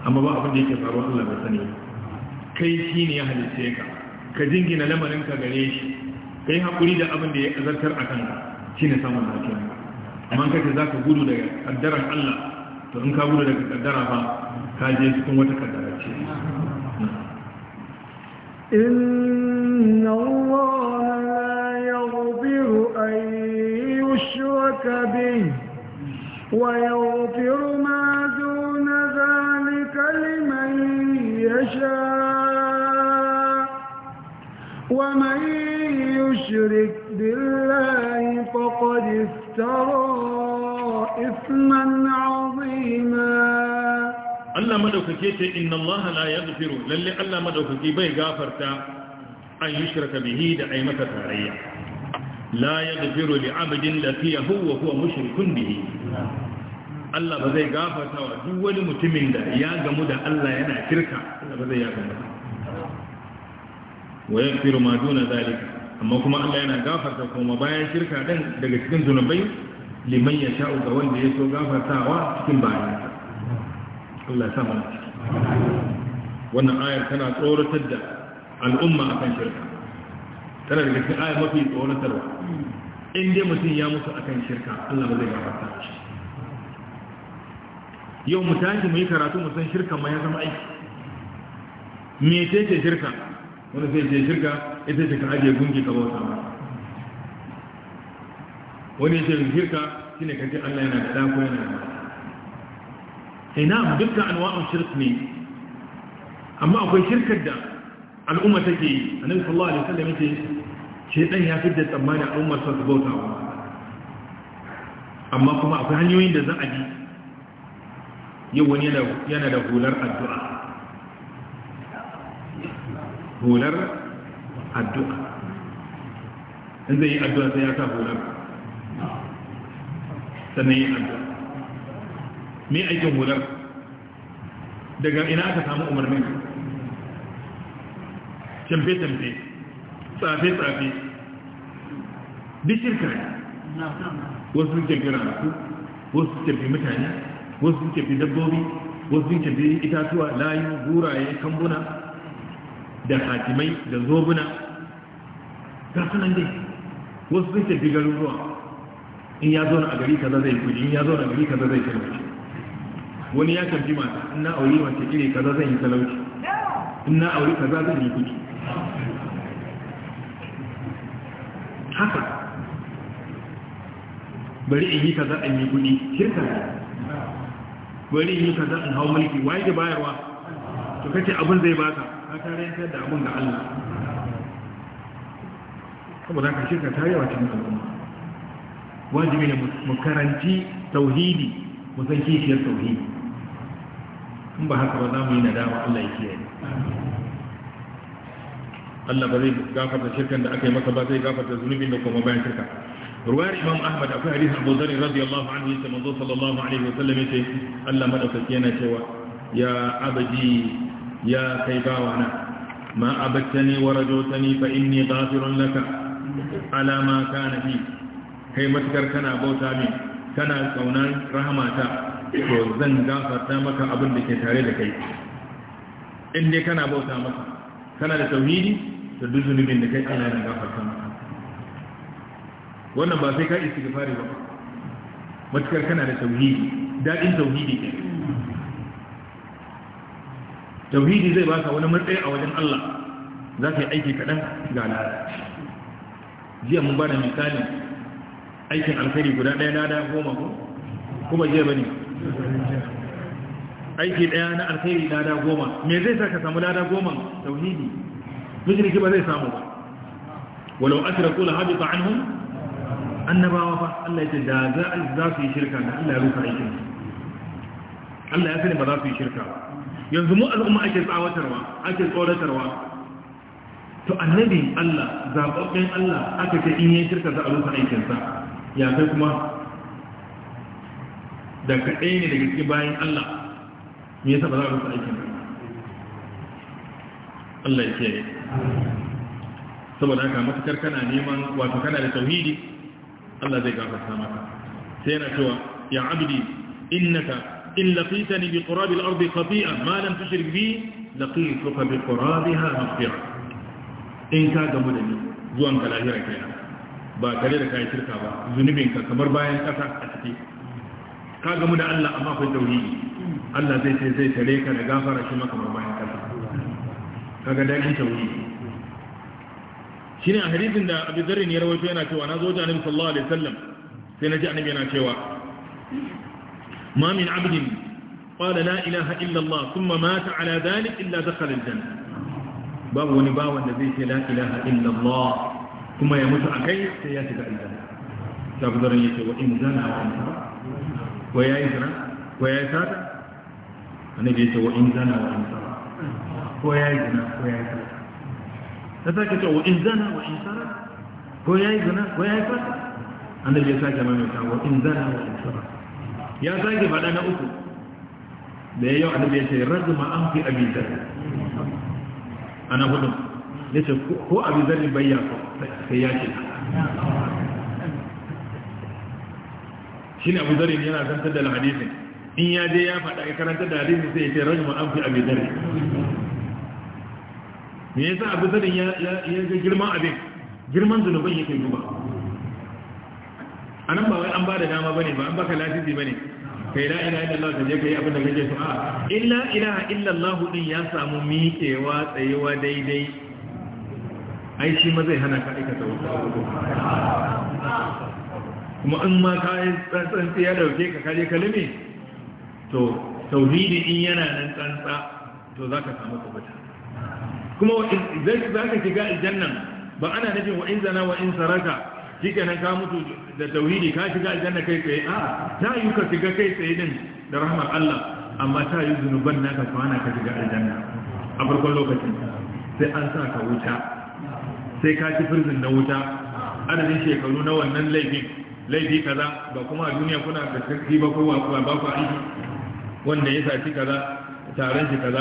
amma ba abin da yake faruwa Allah ba sani kai shi ne ya halice ka ka jingina lamarin ka gare shi kai hakuri da abin da ya azartar a kanka shi ne samun lafiya amma kace ka gudu daga kaddaran Allah to in ka gudu daga kaddara ba ka je cikin wata kaddara ce إن يتصدق به ويغفر ما دون ذلك لمن يشاء ومن يشرك بالله فقد افترى إثما عظيما الله مدوك كيتي إن الله لا يغفر للي الله مدوك كي بي غافرت أن يشرك به دعيمة تاريخ la yaghfiru li 'abdin laqiyahu wa huwa mushrikun bihi Allah ba zai gafata wa duk wani mutumin da ya gamu da Allah yana kirka Allah ba zai ya gamu wa yaghfiru ma duna zalika amma kuma Allah yana gafarta kuma bayan shirka din daga cikin zunubai liman ya sha'u ga wanda ya so gafatawa cikin bayansa Allah ya sa wannan ayar tana tsoratar da al'umma akan shirka tana daga cikin aya mafi tsoratarwa in dai mutum ya mutu akan shirka Allah ba zai gafarta shi yau mu tashi mu yi karatu mu san shirka ma ya zama aiki me ce ce shirka wani sai ce shirka ita ce ka ajiye gunki ka bauta ba wani ya ce shirka shine kace Allah yana da ko yana da ina dukkan anwa'un shirk ne amma akwai shirkar da al'umma take yi nan sallallahu alaihi wasallam yake shedan ya fi da tsammani al'ummar sa su bauta wa amma kuma akwai hanyoyin da za a bi yau wani yana da hular addu'a hular addu'a in zai yi addu'a sai ya sa hular sannan yi addu'a mai aikin hular daga ina aka samu umarnin tamfe-tamfe tsafe-tsafe duk shirka wasu sun kirkira wasu sun tafi mutane wasu sun tafi dabbobi wasu sun tafi itatuwa layu guraye kambuna da hatimai, da zobuna ta sunan dai wasu sun tafi garuruwa in ya zo na a gari kaza zai kudi in ya zo na a gari kaza zai talauci wani ya tafi mata ina aure mace iri kaza zai yi talauci ina aure kaza zai yi kudi bari in yi kaza a yi kudi shirka ne bari in yi kaza a hau mulki waye da bayarwa to kace abin zai baka ka tare yantar da abin ga Allah za ka shirka tare wa cikin al'umma wajibi ne mu karanci tauhidi mu san kishiyar tauhidi in ba haka ba za mu yi nadama Allah ya kiyaye Allah ba zai gafarta shirkan da aka yi masa ba zai gafarta zunubin da kuma bayan shirka ruwayar imam ahmad akwai hadisin abu zarin radiyallahu anhu yace manzo sallallahu alaihi wasallam yace Allah madaukaki yana cewa ya abadi ya kai bawana ma abattani wa rajawtani fa inni ghafirun laka ala ma kana fi kai matukar kana bauta min kana kaunar rahmata to zan gafarta maka abin da ke tare da kai in dai kana bauta maka kana da tauhidi to duk zunubin da kai Allah yana gafarta wannan ba sai ka istighfari ba matukar kana da tauhidi Daɗin tauhidi ne tauhidi zai baka wani matsayi a wajen Allah za ka yi aiki kaɗan ga lada jiya mun ba da misali aikin alkhairi guda ɗaya lada goma ko kuma jiya ba ne aiki ɗaya na alkhairi lada goma me zai sa ka samu lada goma tauhidi mushriki ba zai samu ba walau asraku kula habita anhum annabawa fa Allah ya ce da za su yi shirka da Allah ya rufe aikin Allah ya sani ba za su yi shirka ba yanzu mu al'umma ake tsawatarwa ake tsoratarwa to annabi Allah zababben Allah aka ce in yi shirka za a rufe aikinsa ya kai kuma da kaɗai ne daga cikin bayan Allah me yasa ba za a rufe aikin Allah ya ce saboda haka matakar kana neman wato kana da tauhidi Allah zai gafarta maka sai yana cewa ya abdi innaka in laqitani bi qurabil ardi khati'a ma lam tushrik bi laqituka bi qurabiha maghfira in ka gamu da ni zuwan ka lahira kenan ba tare da kai shirka ba zunubin ka kamar bayan kasa a ciki ka gamu da Allah amma kai tauhidi Allah zai ce zai tare ka da gafara shi maka bayan kasa kaga dalilin tauhidi shine a hadisin da Abu Dharr ne rawaito yana cewa na zo ga Annabi sallallahu alaihi wasallam sai na ji Annabi yana cewa ma min abdin qala la ilaha illa Allah thumma mata ala dhalik illa dakhala al-jannah babu wani ba wanda zai ce la ilaha illa Allah kuma ya mutu akai sai ya shiga aljanna sai Abu Dharr ce wa in zana wa anta wa yayi zina wa yayi sata annabi yace wa in zana wa anta ko yayi zina ko yayi sata ta sake cewa in zana wa in sara ko ya yi zana ko ya yi fata annabi ya sake mai wa in zana wa in sara ya sake fada na uku da ya yau annabi ya ce rajma an fi abin ana hudun ya ce ko abin zara bai ko sai ya ce shi ne abu zara yana zantar da hadisin in ya je ya faɗa ya karanta da hadisin sai ya ce ma an fi abin me yasa abu zarin ya ga girman abin girman zunuban yake duba a nan ba wai an ba da dama ba ne ba an baka lafifi ba ne kai la ilaha illallah ka je ka yi abin da kake so a illa ilaha illallah din ya samu miƙewa tsayewa daidai ai shi ma zai hana ka aikata wasu kuma in ma ka yi tsantsi ya dauke ka kare kalime to tauhidi in yana nan tsantsa to za ka samu tabbata kuma za ka shiga aljannan ba ana nufin wa in zana wa in saraka Kika nan ka mutu da tauhidi ka shiga aljanna kai tsaye a ta yi ka shiga kai tsaye din da rahmar Allah amma ta yi zunuban ka kwana ka shiga aljanna a farkon lokacin sai an sa ka wuta sai ka ci firzin na wuta adadin shekaru na wannan laifi laifi kaza ba kuma a duniya kuna da shirki ba kowa ba ku aiki wanda ya shi kaza taron shi kaza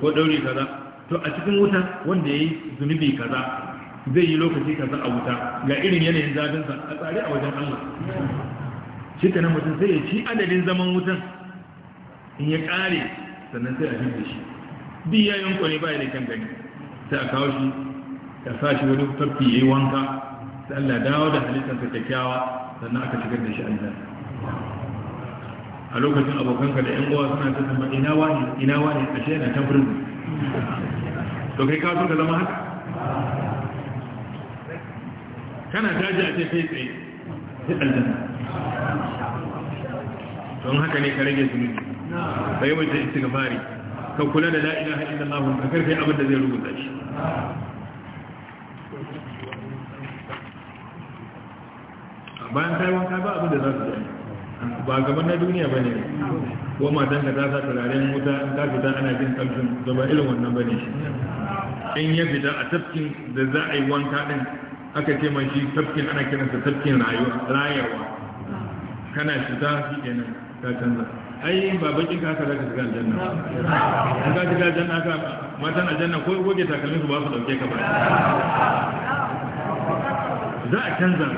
ko ɗauri kaza to a cikin wuta wanda ya yi zunubi kaza zai yi lokaci kaza a wuta ga irin yanayin zabinsa a tsare a wajen Allah shi ka nan mutum sai ya ci adadin zaman wutan in ya kare sannan sai a fi da shi Biyu ya yankwane ba ya da kan gani sai a kawo shi ya sa shi wani tafi ya yi wanka sai Allah dawo da halittarsa kyakkyawa sannan aka shigar da shi aljanna a lokacin abokanka da 'yan uwa suna ta sama ina wani ina wani ashe yana ta birnin to kai kawo ka zama haka kana daji a ce sai tsaye sai aljanna don haka ne ka rage zunubi sai wace gabari. ka kula da haɗin da illallah ka karfe abin da zai rubuta shi bayan taiwan wanka ba abin da za su yi ba gaban na duniya ba ne ko matan ka ta sa turaren wuta in ka fita ana jin kamshin zaba irin wannan ba ne in ya fita a tafkin da za a yi wanka ɗin aka ce man shi tafkin ana kiransa tafkin rayarwa kana shiga shi kenan ka canza ai ba bakin ka haka zaka shiga aljanna ba ka shiga aljanna haka matan aljanna ko goge takalmin su ba su dauke ka ba za a canza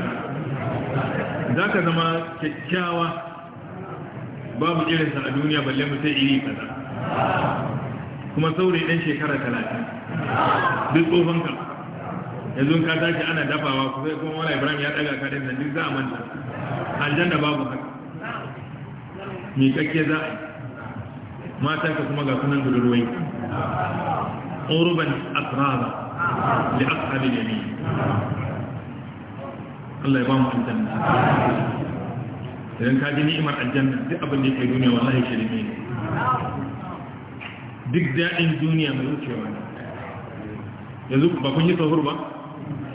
za ka zama kyakkyawa babu irinsa a duniya balle mu sai iri kaza kuma saurayi ɗan shekara talatin duk tsofanka ka yanzu ka tashi ana dafawa ku sai kuma wani ibrahim ya daga ka nan duk za a manta aljanna babu haka mi kakke za a mata ka kuma ga sunan budurwai urban asrara li da yamin Allah ya ba mu aljanna idan ka ji ni'imar aljanna duk abin da kai duniya wallahi shirme ne duk daɗin duniya mai wucewa ne yanzu ba kun yi sahur ba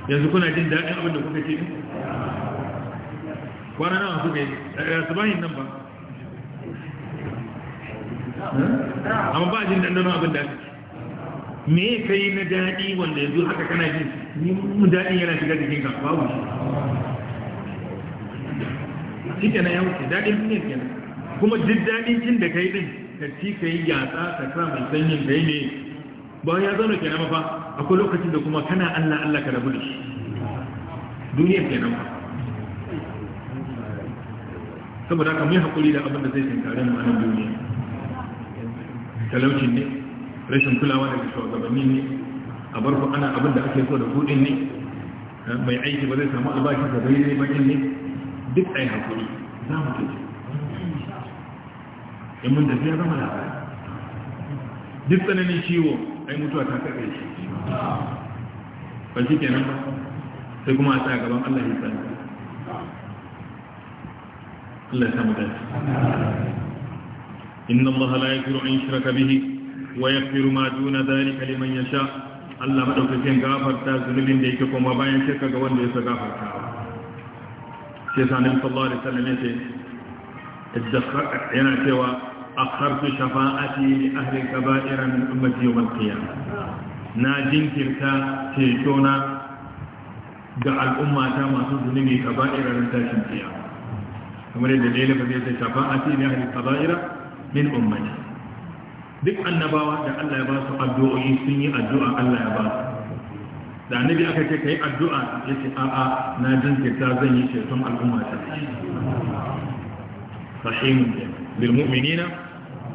yanzu kuna jin daɗin abin da kuka ce kwana nawa suka yi eh, su bayin nan ba hmm? amma ba jin dandano abin da me ka yi na daɗi wanda yanzu haka kana jin ni mun daɗi yana shiga jikin ka babu shi kenan ya wuce daɗin ne kenan kuma duk daɗin jin da ka yi ɗin ka ci ka yi yatsa ka sa mai sanyin ka yi ne ba ya zauna kenan ba akwai lokacin da kuma kana Allah Allah ka rabu da shi duniyar kenan fa. saboda haka yi hakuri da abin da zai tinkare mu a nan duniya talaucin ne rashin kulawa daga gabanni ne a barko ana abin da ake so da kudin ne mai aiki ba zai samu albashin da bai bakin ne duk ai hakuri za mu tafi in mun tafiya zama labari duk tsananin ciwo ai mutuwa ta karɓe shi ba shi kenan ba sai kuma a tsaya gaban Allah ya tsaya Allah ya samu dace inna Allah la yaghfiru an yushraka bihi wa yaghfiru ma duna dhalika liman yasha Allah madaukakin gafarta zunubin da yake kuma bayan shirka ga wanda ya sa gafarta sai sanin sallallahu alaihi wasallam yace yana cewa أخرت شفاعتي لأهل الكبائر من أمتي يوم القيامة ناجين كرتا تيتونا دع الأمة تاما تزنني كبائر من تاشي القيامة kamar yadda ne lafa zai shafa'ati ne ahli kaba'ira min ummati duk annabawa da Allah ya ba su addu'o'i sun yi addu'a Allah ya ba su da annabi aka ce kai addu'a yace a a na jinkirta zan yi ceton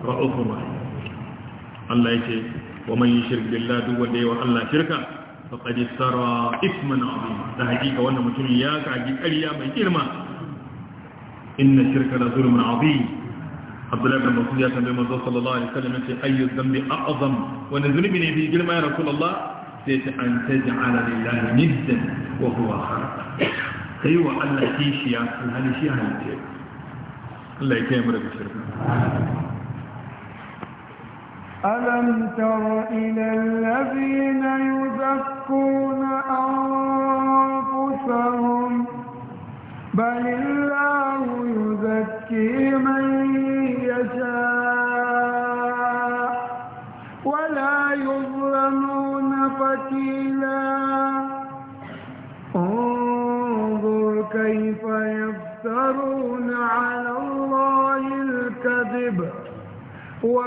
ra'ufur rahim Allah yake wa man yushrik billahi duk wanda wa Allah shirka faqad sara isman azima da hakika wannan mutum ya kaji ƙarya mai girma inna shirka la zulmun azim Abdullahi bin Mas'ud ya tambaye manzo sallallahu alaihi wasallam ce ayyu dhanbi a'zam wani zulmi ne bi girma ya rasulullah sai ta an taj'ala lillahi niddan wa huwa khalaq kai wa Allah kishiya alhali shi halitta Allah ya kai mu daga shirka ألم تر إلى الذين يزكون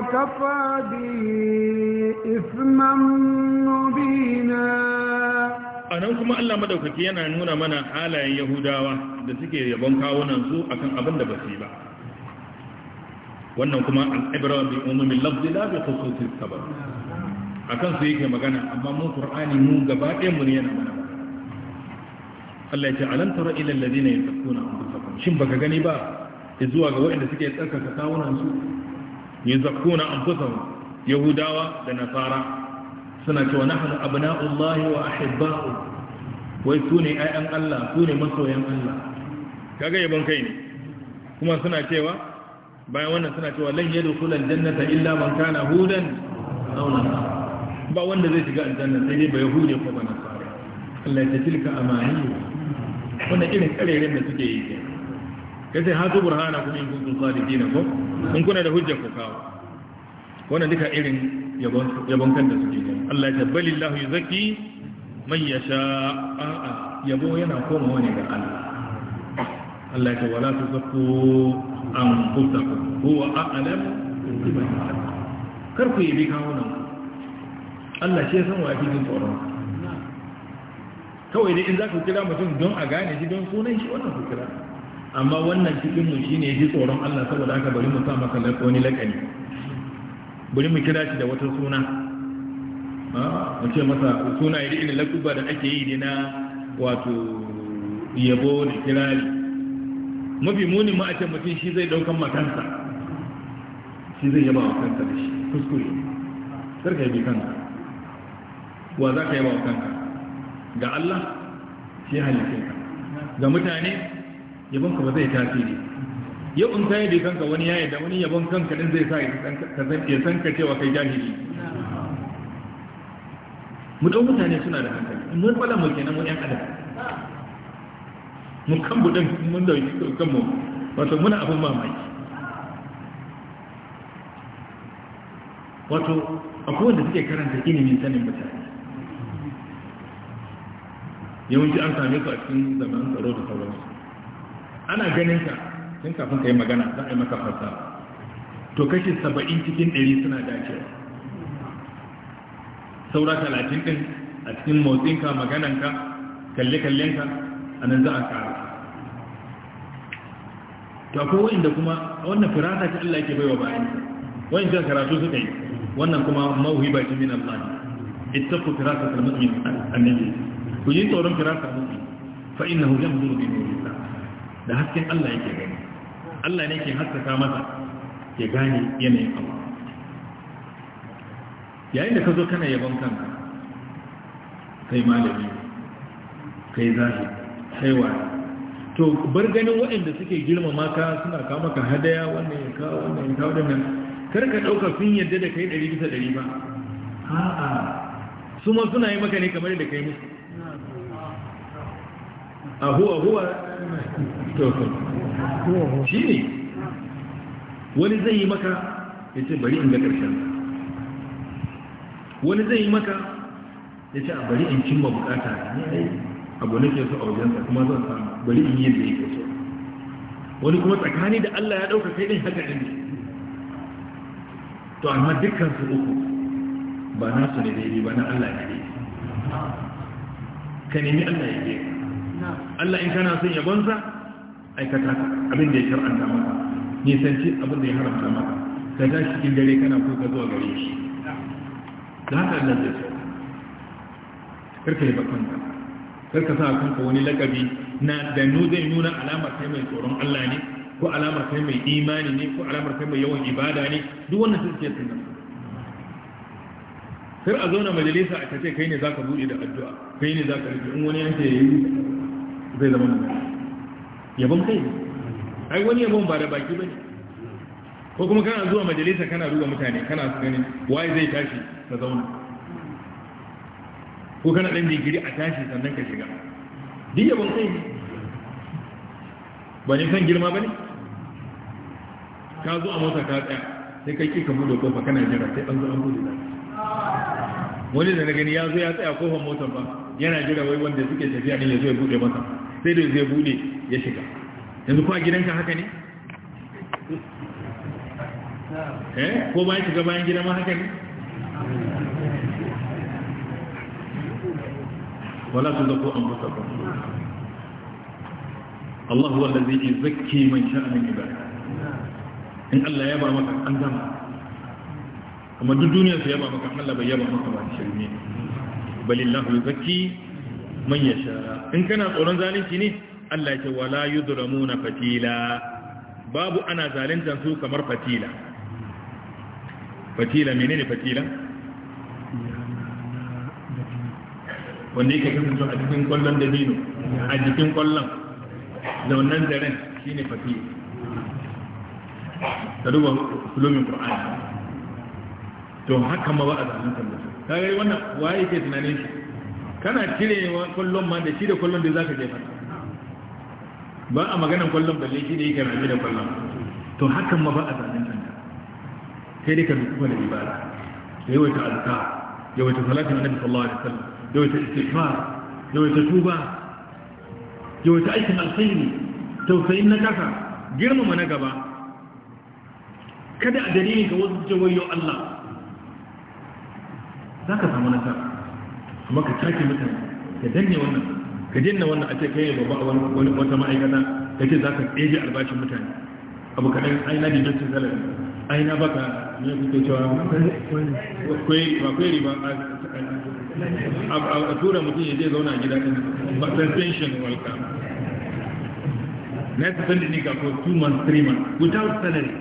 وكفى به إثما مبينا a nan kuma Allah madaukaki yana nuna mana halayen Yahudawa da suke yabon kawunan su akan abin da ba su yi ba wannan kuma al'ibra bi umumin lafzi la bi khususis sabab akan su yake magana amma mu Qur'ani mu gaba ɗaya mu ne yana mana Allah ya ce alam tara ila alladhina yasquna anfusahum shin baka gani ba zuwa ga waɗanda suke tsarkaka kawunan su yuzakkuna anfusahum yahudawa da nasara suna cewa nahnu abna'ullahi wa ahibba'u wai su ne ayyan Allah su ne masoyan Allah kaga yabon kai ne kuma suna cewa bayan wannan suna cewa lan yadkhulul jannata illa man kana hudan aw ba wanda zai shiga aljanna sai dai ba yahudi ko ba nasara Allah ya tilka amani wannan irin da suke yi kace hazu burhana kuma in kuntum ko in kuna da hujjar ku kawo wannan duka irin yabon kanta suke ne Allah ya tabbali Allah ya zaki man ya sha a yabo yana koma wani ga Allah Allah ya wala su zakku an kusaku huwa a'lam kar ku yi bi kawo nan Allah shi ya san wa yake jin tsoron kawai dai in za ku kira mutum don a gane shi don sunan shi wannan ku kira amma wannan cikin mu shine ji tsoron Allah saboda haka bari mu sa maka wani lakani bari mu kira shi da wata suna ah, mu ce masa suna iri irin lakuba da ake yi na wato yabo da kirari mafi muni ma a ce mutum shi zai daukan makansa shi zai yaba wa da shi kuskure sarka yabi kanka wa za ka yaba wa kanka ga Allah shi halittinka ga mutane yabonka ba zai tasiri yau in ka yabe kanka wani ya da wani yabon kanka din zai sa ya san ka cewa kai jahili mu dau mutane suna da hankali mun fara mu kenan mu yan adam mu kan budan mun da kan mu wato muna abun mamaki wato akwai wanda suke karanta ilimin sanin mutane yawanci an same su a cikin zaman tsaro da sauransu ana ganin ka tun kafin ka yi magana za a yi maka fassara to kashi saba'in cikin ɗari suna dacewa saura talatin ɗin a cikin motsinka magananka kalle-kallenka a nan za a ƙara to akwai wa'inda kuma wannan firata ta Allah ke baiwa wa'in wa'inda karatu suka yi wannan kuma mawhiba ce min Allah ku firata al-mu'min annabi ku yi tsoron firata mu'min fa innahu yanzuru bi nurillah da hasken Allah yake gani Allah ne ke haskaka masa ke gane yanayin abu yayin da ka zo kana yabon kanka kai malami kai zahi kai wani to bar ganin waɗanda suke girmama ka suna kawo maka hadaya wannan ya kawo wannan ya kawo wannan kar ka ɗauka sun yadda da kai ɗari bisa ɗari ba a'a su ma suna yi maka ne kamar da kai musu a huwa huwa shi ne wani zai yi maka ya ce bari in ga ƙarshen wani zai yi maka ya ce a bari in cimma bukata abu na ke so a wajensa kuma zan samu bari in yi da yake so wani kuma tsakani da Allah ya ɗauka kai ɗin haka ɗin to amma dukkan su uku ba nasu ne daidai ba na Allah ne daidai ka nemi Allah ya daidai Allah in kana son yabonsa aikata abin da ya shar'anta maka nisanci abin da ya haramta maka ka tashi cikin dare kana ka zuwa gare shi da haka Allah zai so karka yi bakanka karka sa kanka wani lakabi na da nu zai nuna alamar kai mai tsoron Allah ne ko alamar kai mai imani ne ko alamar kai mai yawan ibada ne duk wannan sun ce sun sai a zauna majalisa a tace kai ne zaka bude da addu'a kai ne zaka rufe in wani yanke yayi zai zama nan. yabon kai ai wani yabon ba da baki ba ne ko kuma kana zuwa majalisa kana ruga mutane kana su gani wai zai tashi ka zauna ko kana ɗan digiri a tashi sannan ka shiga duk yabon kai ba ne san girma ba ne ka zo a mota ka tsaya sai kai kika buɗe kofa kana jira sai an zo an buɗe wani da na gani ya zo ya tsaya kofar motar ba yana jira wai wanda suke tafiya ne ya zo ya buɗe masa sai da zai bude ya shiga yanzu kuwa gidanka haka ne? eh ko bayan shiga bayan gidan ma haka ne? wala su zako an busa ba Allah huwa da zai zaki man sha'anin ibada in Allah ya ba maka an zama amma duk duniyarsa ya ba maka Allah bai yaba maka ba shirme balillahu zaki man yasha in kana tsoron zalunci ne Allah ce wala na, fatila babu ana zaluntan su kamar fatila fatila menene fatila wanda yake kasance a cikin kwallon da dino a cikin kwallon da wannan daren shine fatila da duba kulumin qur'ani to haka ma ba a zaluntan Ta kaga wannan waye ke tunanin shi kana cirewa kullum ma da shi da kullum da za ka jefar ba a maganan kwallon balle shi da yake rafi da kullum. to hakan ma ba a zanen canta sai dai ka dukuwa da ibada da yawaita azka yawaita salatin annabi sallallahu alaihi wasallam yawaita istighfar yawaita tuba yawaita aikin alkhairi tausayin na kasa girmama na gaba kada a dalilin ka wasu jawayo Allah za ka samu nasara amma ka take mutane ka danne wannan ka danne wannan a ce kai babba wani wata ma'aikata ce za ka tseje albashin mutane abu kaɗan aina da jinsin salari aina baka ne kuke cewa ba kwai riba a tura mutum ya je zauna a gida ɗin ba suspension walka na yasa sanda ne ga ko two months three months without salary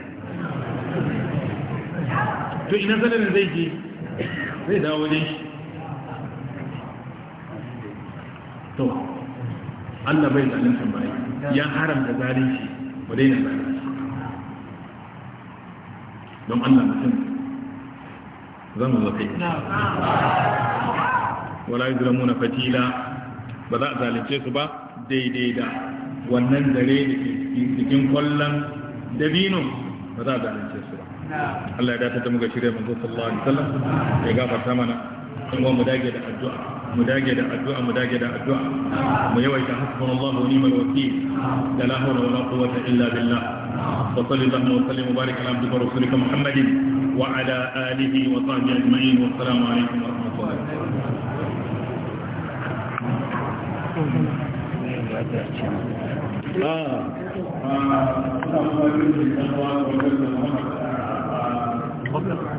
to ina salarin zai je zai dawo wajen shi Allah bai zalunta bayi ya haramta zalunci ba daina zalunci don Allah mutum zan zo kai wala yuzlamuna fatila ba za a zalunce su ba daidai da wannan dare da cikin kwallon dabino ba za a zalunce su ba Allah ya dace da muka shirya manzo sallallahu alaihi wasallam ya gafarta mana kuma mu dage da addu'a مداجة الدعاء مداجة الدعاء ويوي تحسبنا الله ونعم الوكيل لا حول ولا قوة إلا بالله وصل اللهم وسلم وبارك على عبدك ورسولك محمد وعلى آله وصحبه أجمعين والسلام عليكم ورحمة الله وبركاته آه. آه.